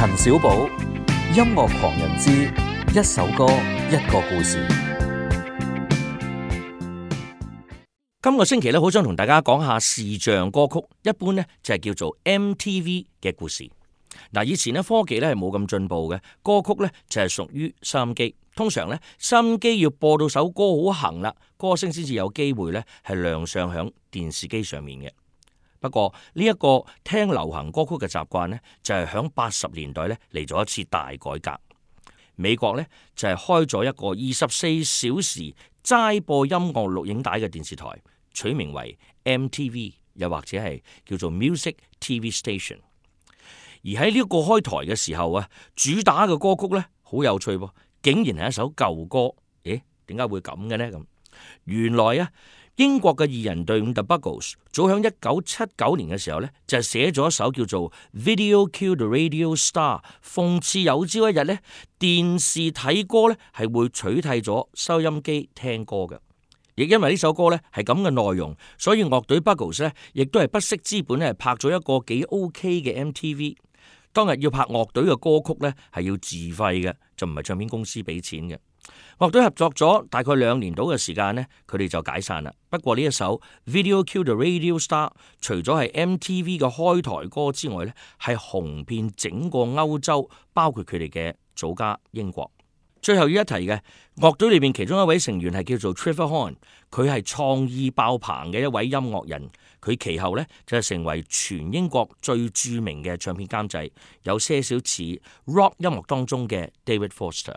陳少寶，音樂狂人之一首歌一個故事。今個星期咧，好想同大家講下視像歌曲，一般呢就係叫做 MTV 嘅故事。嗱，以前咧，科技咧係冇咁進步嘅，歌曲咧就係屬於收音機。通常咧收音機要播到首歌好紅啦，歌星先至有機會咧係亮相響電視機上面嘅。不過呢一個聽流行歌曲嘅習慣呢，就係喺八十年代呢嚟咗一次大改革。美國呢，就係開咗一個二十四小時齋播音樂錄影帶嘅電視台，取名為 MTV，又或者係叫做 Music TV Station。而喺呢一個開台嘅時候啊，主打嘅歌曲呢，好有趣噃，竟然係一首舊歌。咦？點解會咁嘅呢？咁原來啊～英國嘅二人隊伍 The Buggles 早響一九七九年嘅時候呢就寫咗一首叫做 Video Killed the Radio Star，諷刺有朝一日呢電視睇歌呢係會取代咗收音機聽歌嘅。亦因為呢首歌呢係咁嘅內容，所以樂隊 Buggles 呢亦都係不惜資本咧拍咗一個幾 OK 嘅 MTV。當日要拍樂隊嘅歌曲呢，係要自費嘅，就唔係唱片公司俾錢嘅。樂隊合作咗大概兩年到嘅時間呢，佢哋就解散啦。不過呢一首《Video Killed the Radio Star》，除咗係 MTV 嘅開台歌之外呢，係紅遍整個歐洲，包括佢哋嘅祖家英國。最後要一提嘅，樂隊裏面其中一位成員係叫做 Trevor Horn，佢係創意爆棚嘅一位音樂人。佢其後呢，就係、是、成為全英國最著名嘅唱片監製，有些少似 Rock 音樂當中嘅 David Foster。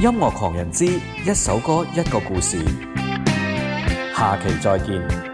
音樂狂人之一首歌，一個故事，下期再見。